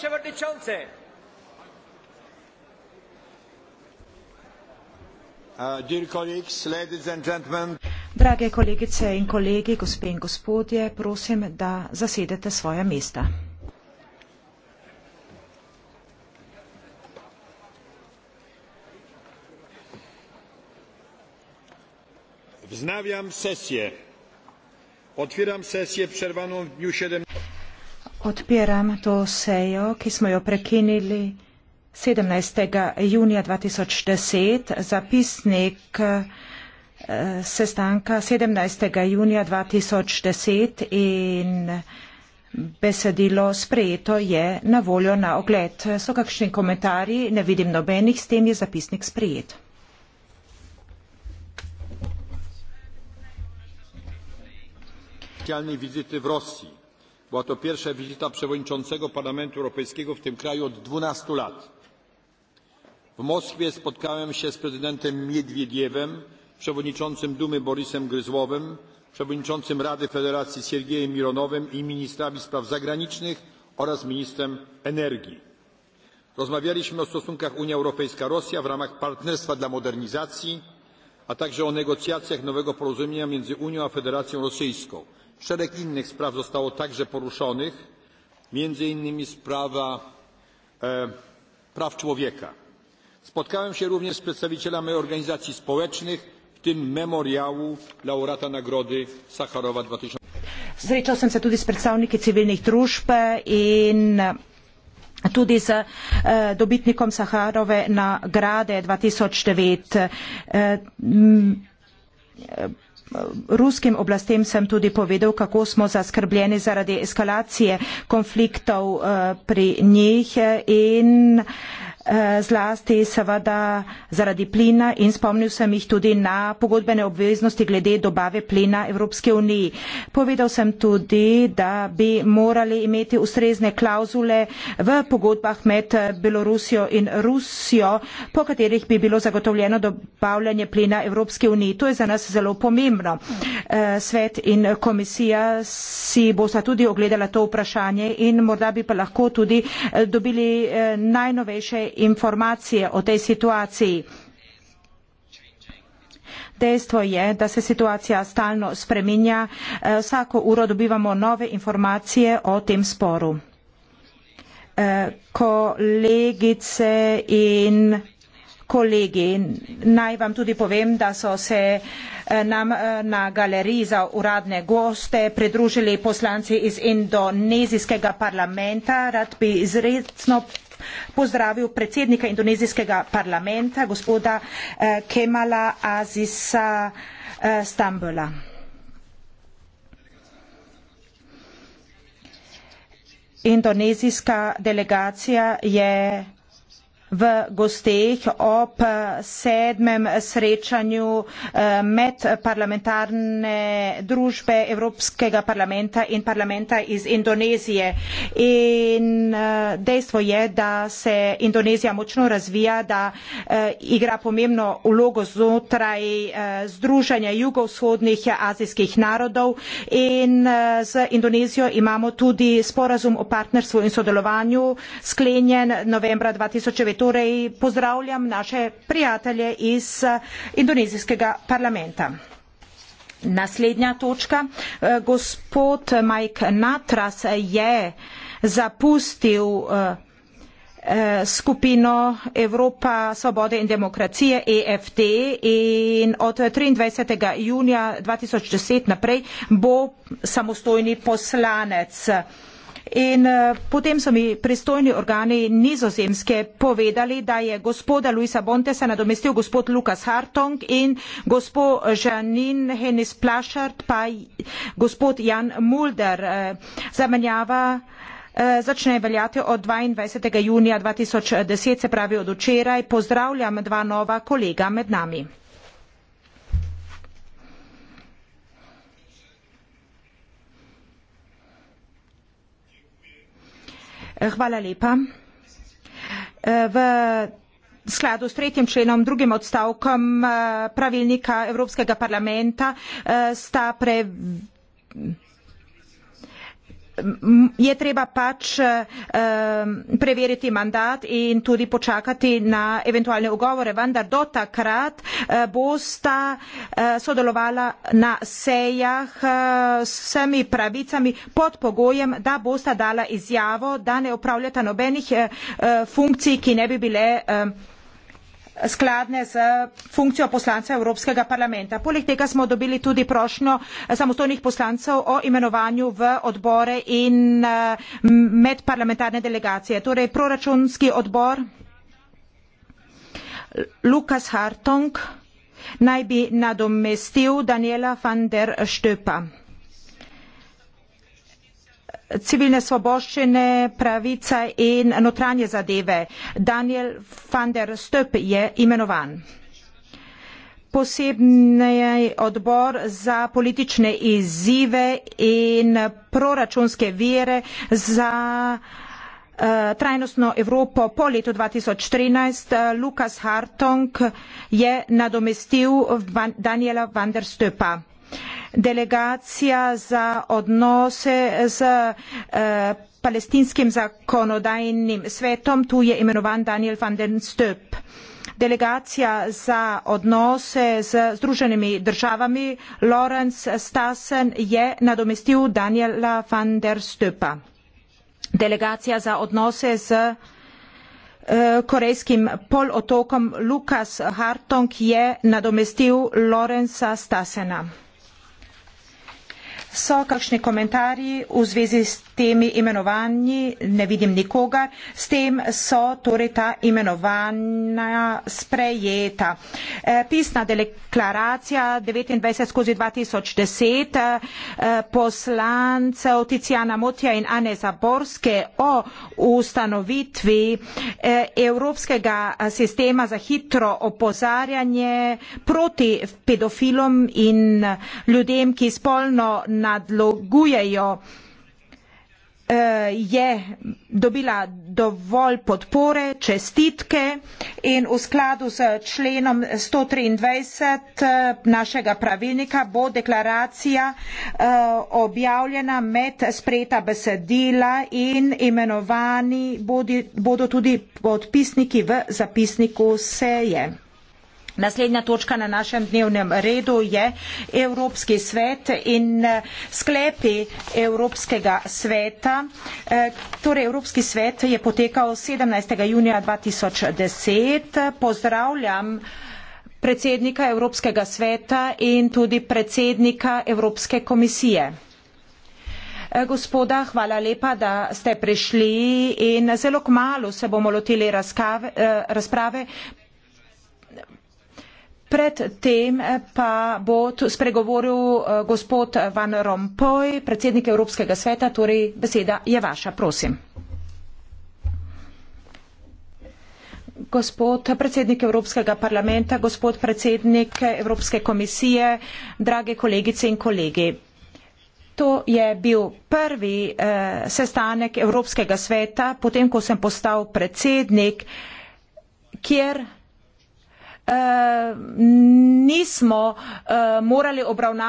przewodniczący. Uh, dear colleagues, ladies and gentlemen. Drage kolegice in kolegi, gospe in gospodje, prosim, da zasedete svoja mesta. Vznavljam sesijo. Otviram sesijo, prerivano v dnevu 17. Odpiram to sejo, ki smo jo prekinili 17. junija 2010, zapisnik eh, sestanka 17. junija 2010 in besedilo sprejeto je na voljo na ogled. So kakšni komentarji? Ne vidim nobenih, s tem je zapisnik sprejet. Vidite v Rosiji była to pierwsza wizyta przewodniczącego parlamentu europejskiego w tym kraju od dwanaście lat. w moskwie spotkałem się z prezydentem miedwiediewem przewodniczącym dumy borysem gryzłowem przewodniczącym rady federacji siergiejem mironowem i ministrami spraw zagranicznych oraz ministrem energii. rozmawialiśmy o stosunkach unia europejska rosja w ramach partnerstwa dla modernizacji a także o negocjacjach nowego porozumienia między unią a federacją rosyjską. szereg innych spraw zostało także poruszonych między innymi sprawa e, praw człowieka. spotkałem się również z przedstawicielami organizacji społecznych w tym memoriału laureata nagrody sacharowa. dwa tysiące osiemnaście srećao sam se tudi s predstavniki civilnih tudi z eh, dobitnikom Saharove nagrade 2009. Eh, ruskim oblastem sem tudi povedal, kako smo zaskrbljeni zaradi eskalacije konfliktov eh, pri njih in Eh, zlasti seveda zaradi plina in spomnil sem jih tudi na pogodbene obveznosti glede dobave plina Evropske unije. Povedal sem tudi, da bi morali imeti ustrezne klauzule v pogodbah med Belorusijo in Rusijo, po katerih bi bilo zagotovljeno dobavljanje plina Evropske unije. To je za nas zelo pomembno. Eh, svet in komisija si bosta tudi ogledala to vprašanje in morda bi pa lahko tudi eh, dobili najnovejše informacije o tej situaciji. Dejstvo je, da se situacija stalno spreminja, eh, vsako uro dobivamo nove informacije o tem sporu. Eh, kolegice in kolegi, naj vam tudi povem, da so se eh, nam na galeriji za uradne goste pridružili poslanci iz indonezijskega parlamenta. Rad bi izredno pozdravil predsednika indonezijskega parlamenta, gospoda eh, Kemala Azisa eh, Stambola. Indonezijska delegacija je v gosteh ob sedmem srečanju eh, medparlamentarne družbe Evropskega parlamenta in parlamenta iz Indonezije. In eh, dejstvo je, da se Indonezija močno razvija, da eh, igra pomembno ulogo znotraj združanja jugovzhodnih azijskih narodov in z Indonezijo imamo tudi sporazum o partnerstvu in sodelovanju sklenjen novembra 2019 torej pozdravljam naše prijatelje iz eh, indonezijskega parlamenta. Naslednja točka. Eh, gospod Mike Natras je zapustil eh, skupino Evropa svobode in demokracije EFT in od 23. junija 2010 naprej bo samostojni poslanec. In eh, potem so mi pristojni organi nizozemske povedali, da je gospoda Luisa Bontesa nadomestil gospod Lukas Hartong in gospod Žanin Henis Plašart pa gospod Jan Mulder. Eh, zamenjava eh, začne veljati od 22. junija 2010, se pravi od včeraj. Pozdravljam dva nova kolega med nami. Hvala lepa. V skladu s tretjim členom, drugim odstavkom eh, pravilnika Evropskega parlamenta eh, sta pre je treba pač um, preveriti mandat in tudi počakati na eventualne ugovore, vendar do takrat uh, bosta uh, sodelovala na sejah uh, s vsemi pravicami pod pogojem, da bosta dala izjavo, da ne upravljata nobenih uh, funkcij, ki ne bi bile. Uh, skladne z funkcijo poslanca Evropskega parlamenta. Poleg tega smo dobili tudi prošnjo samostojnih poslancev o imenovanju v odbore in eh, medparlamentarne delegacije. Torej, proračunski odbor Lukas Hartong naj bi nadomestil Daniela van der Štöpa civilne svoboščine, pravice in notranje zadeve. Daniel van der Stöp je imenovan. Posebni odbor za politične izzive in proračunske vire za uh, trajnostno Evropo po letu 2013, Lukas Hartong je nadomestil van Daniela van der Stöpa. Uh, delegacija za odnose z eh, palestinskim zakonodajnim svetom, tu je imenovan Daniel van den Stöp. Delegacija za odnose z združenimi državami, Lorenz Stassen, je nadomestil Daniela van der Stöpa. Delegacija za odnose z eh, korejskim polotokom Lukas Hartong je nadomestil Lorenza Stasena. So kakšni komentarji v zvezi s temi imenovanji? Ne vidim nikogar. S tem so torej ta imenovanja sprejeta. E, pisna deklaracija 29 skozi 2010 e, poslancev Ticijana Motja in Ane Zaborske o ustanovitvi e, Evropskega sistema za hitro opozarjanje proti pedofilom in ljudem, ki spolno nadlogujejo. Eh, je dobila dovolj podpore, čestitke in v skladu s členom 123 eh, našega pravilnika bo deklaracija eh, objavljena med spreta besedila in imenovani bodo tudi podpisniki v zapisniku seje. Naslednja točka na našem dnevnem redu je Evropski svet in eh, sklepi Evropskega sveta. Eh, torej, Evropski svet je potekal 17. junija 2010. Pozdravljam predsednika Evropskega sveta in tudi predsednika Evropske komisije. Eh, gospoda, hvala lepa, da ste prišli in zelo kmalo se bomo lotili razkave, razprave. Pred tem pa bo spregovoril eh, gospod Van Rompuy, predsednik Evropskega sveta, torej beseda je vaša, prosim. Gospod predsednik Evropskega parlamenta, gospod predsednik Evropske komisije, drage kolegice in kolegi. To je bil prvi eh, sestanek Evropskega sveta, potem ko sem postal predsednik, kjer Eh, nismo eh, morali obravnavati